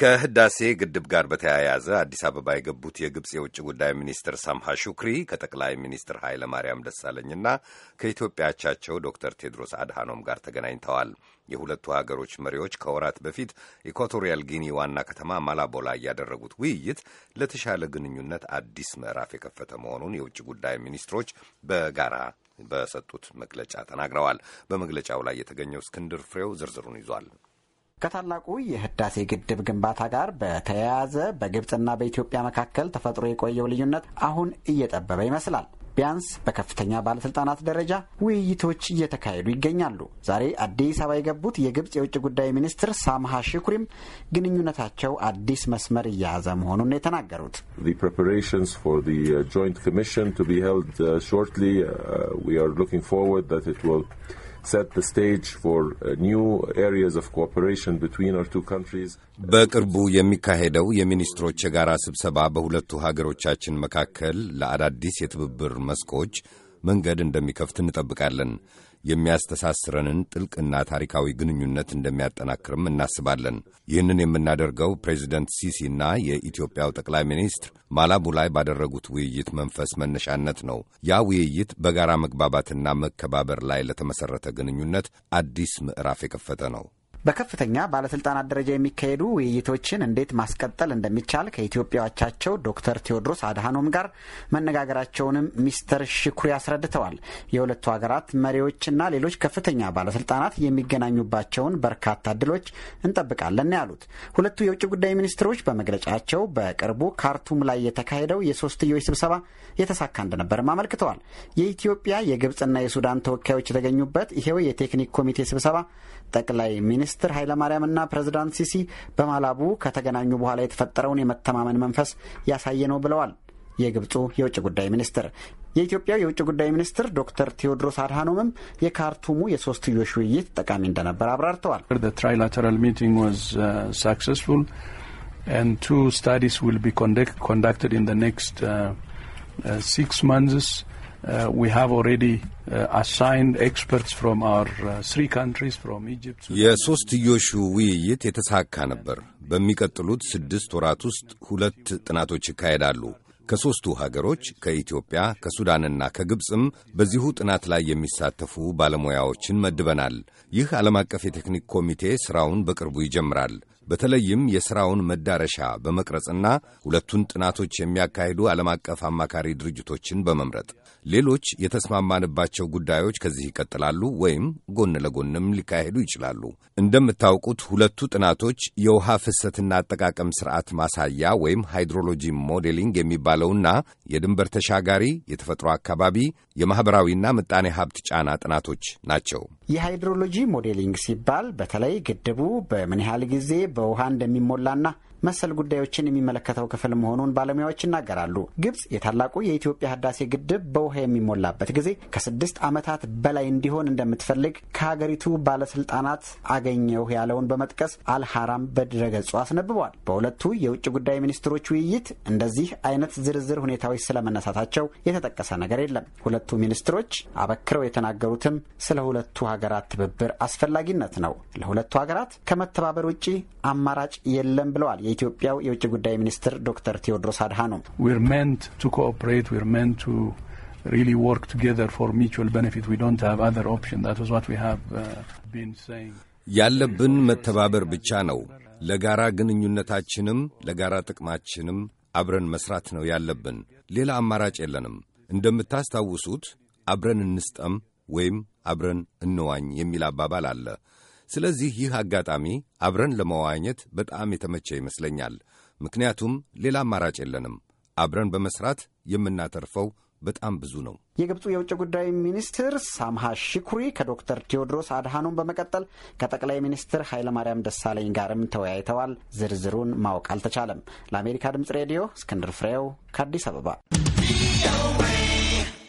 ከህዳሴ ግድብ ጋር በተያያዘ አዲስ አበባ የገቡት የግብፅ የውጭ ጉዳይ ሚኒስትር ሳምሃ ሹክሪ ከጠቅላይ ሚኒስትር ኃይለ ማርያም ደሳለኝና ከኢትዮጵያ አቻቸው ዶክተር ቴድሮስ አድሃኖም ጋር ተገናኝተዋል። የሁለቱ ሀገሮች መሪዎች ከወራት በፊት ኢኳቶሪያል ጊኒ ዋና ከተማ ማላቦ ላይ ያደረጉት ውይይት ለተሻለ ግንኙነት አዲስ ምዕራፍ የከፈተ መሆኑን የውጭ ጉዳይ ሚኒስትሮች በጋራ በሰጡት መግለጫ ተናግረዋል። በመግለጫው ላይ የተገኘው እስክንድር ፍሬው ዝርዝሩን ይዟል። ከታላቁ የህዳሴ ግድብ ግንባታ ጋር በተያያዘ በግብፅና በኢትዮጵያ መካከል ተፈጥሮ የቆየው ልዩነት አሁን እየጠበበ ይመስላል። ቢያንስ በከፍተኛ ባለስልጣናት ደረጃ ውይይቶች እየተካሄዱ ይገኛሉ። ዛሬ አዲስ አበባ የገቡት የግብጽ የውጭ ጉዳይ ሚኒስትር ሳምሃ ሽኩሪም ግንኙነታቸው አዲስ መስመር እየያዘ መሆኑን የተናገሩት ጆይንት ኮሚሽን በቅርቡ የሚካሄደው የሚኒስትሮች የጋራ ስብሰባ በሁለቱ ሀገሮቻችን መካከል ለአዳዲስ የትብብር መስኮች መንገድ እንደሚከፍት እንጠብቃለን። የሚያስተሳስረንን ጥልቅና ታሪካዊ ግንኙነት እንደሚያጠናክርም እናስባለን። ይህንን የምናደርገው ፕሬዚደንት ሲሲና የኢትዮጵያው ጠቅላይ ሚኒስትር ማላቡ ላይ ባደረጉት ውይይት መንፈስ መነሻነት ነው። ያ ውይይት በጋራ መግባባትና መከባበር ላይ ለተመሠረተ ግንኙነት አዲስ ምዕራፍ የከፈተ ነው። በከፍተኛ ባለስልጣናት ደረጃ የሚካሄዱ ውይይቶችን እንዴት ማስቀጠል እንደሚቻል ከኢትዮጵያ አቻቸው ዶክተር ቴዎድሮስ አድሃኖም ጋር መነጋገራቸውንም ሚስተር ሽኩሪ አስረድተዋል። የሁለቱ ሀገራት መሪዎችና ሌሎች ከፍተኛ ባለስልጣናት የሚገናኙባቸውን በርካታ እድሎች እንጠብቃለን ያሉት ሁለቱ የውጭ ጉዳይ ሚኒስትሮች በመግለጫቸው በቅርቡ ካርቱም ላይ የተካሄደው የሶስትዮሽ ስብሰባ የተሳካ እንደነበርም አመልክተዋል። የኢትዮጵያ የግብፅና የሱዳን ተወካዮች የተገኙበት ይሄው የቴክኒክ ኮሚቴ ስብሰባ ጠቅላይ ሚኒስ ሚኒስትር እና ፕሬዝዳንት ሲሲ በማላቡ ከተገናኙ በኋላ የተፈጠረውን የመተማመን መንፈስ ያሳየ ነው ብለዋል የግብፁ የውጭ ጉዳይ ሚኒስትር። የኢትዮጵያው የውጭ ጉዳይ ሚኒስትር ዶክተር ቴዎድሮስ አድሃኖምም የካርቱሙ የሶስትዮሽ ውይይት ጠቃሚ እንደነበር አብራርተዋል። ትራይላተራል ሚቲንግ ዋዝ ሳክሰስፉል and two Uh, uh, uh, የሦስትዮሹ ውይይት የተሳካ ነበር። በሚቀጥሉት ስድስት ወራት ውስጥ ሁለት ጥናቶች ይካሄዳሉ። ከሦስቱ ሀገሮች ከኢትዮጵያ፣ ከሱዳንና ከግብፅም በዚሁ ጥናት ላይ የሚሳተፉ ባለሙያዎችን መድበናል። ይህ ዓለም አቀፍ የቴክኒክ ኮሚቴ ሥራውን በቅርቡ ይጀምራል። በተለይም የሥራውን መዳረሻ በመቅረጽና ሁለቱን ጥናቶች የሚያካሂዱ ዓለም አቀፍ አማካሪ ድርጅቶችን በመምረጥ ሌሎች የተስማማንባቸው ጉዳዮች ከዚህ ይቀጥላሉ ወይም ጎን ለጎንም ሊካሄዱ ይችላሉ። እንደምታውቁት ሁለቱ ጥናቶች የውሃ ፍሰትና አጠቃቀም ስርዓት ማሳያ ወይም ሃይድሮሎጂ ሞዴሊንግ የሚባለውና የድንበር ተሻጋሪ የተፈጥሮ አካባቢ የማኅበራዊና ምጣኔ ሀብት ጫና ጥናቶች ናቸው። የሃይድሮሎጂ ሞዴሊንግ ሲባል በተለይ ግድቡ በምን ያህል ጊዜ በውሃ እንደሚሞላና መሰል ጉዳዮችን የሚመለከተው ክፍል መሆኑን ባለሙያዎች ይናገራሉ። ግብጽ የታላቁ የኢትዮጵያ ህዳሴ ግድብ በውሃ የሚሞላበት ጊዜ ከስድስት ዓመታት በላይ እንዲሆን እንደምትፈልግ ከሀገሪቱ ባለስልጣናት አገኘሁ ያለውን በመጥቀስ አልሐራም በድረገጹ አስነብቧል። በሁለቱ የውጭ ጉዳይ ሚኒስትሮች ውይይት እንደዚህ አይነት ዝርዝር ሁኔታዎች ስለመነሳታቸው የተጠቀሰ ነገር የለም። ሁለቱ ሚኒስትሮች አበክረው የተናገሩትም ስለ ሁለቱ ሀገራት ትብብር አስፈላጊነት ነው። ለሁለቱ ሀገራት ከመተባበር ውጭ አማራጭ የለም ብለዋል። የኢትዮጵያው የውጭ ጉዳይ ሚኒስትር ዶክተር ቴዎድሮስ አድሃኖም ያለብን መተባበር ብቻ ነው። ለጋራ ግንኙነታችንም ለጋራ ጥቅማችንም አብረን መስራት ነው ያለብን። ሌላ አማራጭ የለንም። እንደምታስታውሱት አብረን እንስጠም ወይም አብረን እንዋኝ የሚል አባባል አለ። ስለዚህ ይህ አጋጣሚ አብረን ለመዋኘት በጣም የተመቸ ይመስለኛል። ምክንያቱም ሌላ አማራጭ የለንም። አብረን በመስራት የምናተርፈው በጣም ብዙ ነው። የግብፁ የውጭ ጉዳይ ሚኒስትር ሳምሃ ሺኩሪ ከዶክተር ቴዎድሮስ አድሃኖም በመቀጠል ከጠቅላይ ሚኒስትር ኃይለማርያም ደሳለኝ ጋርም ተወያይተዋል። ዝርዝሩን ማወቅ አልተቻለም። ለአሜሪካ ድምፅ ሬዲዮ እስክንድር ፍሬው ከአዲስ አበባ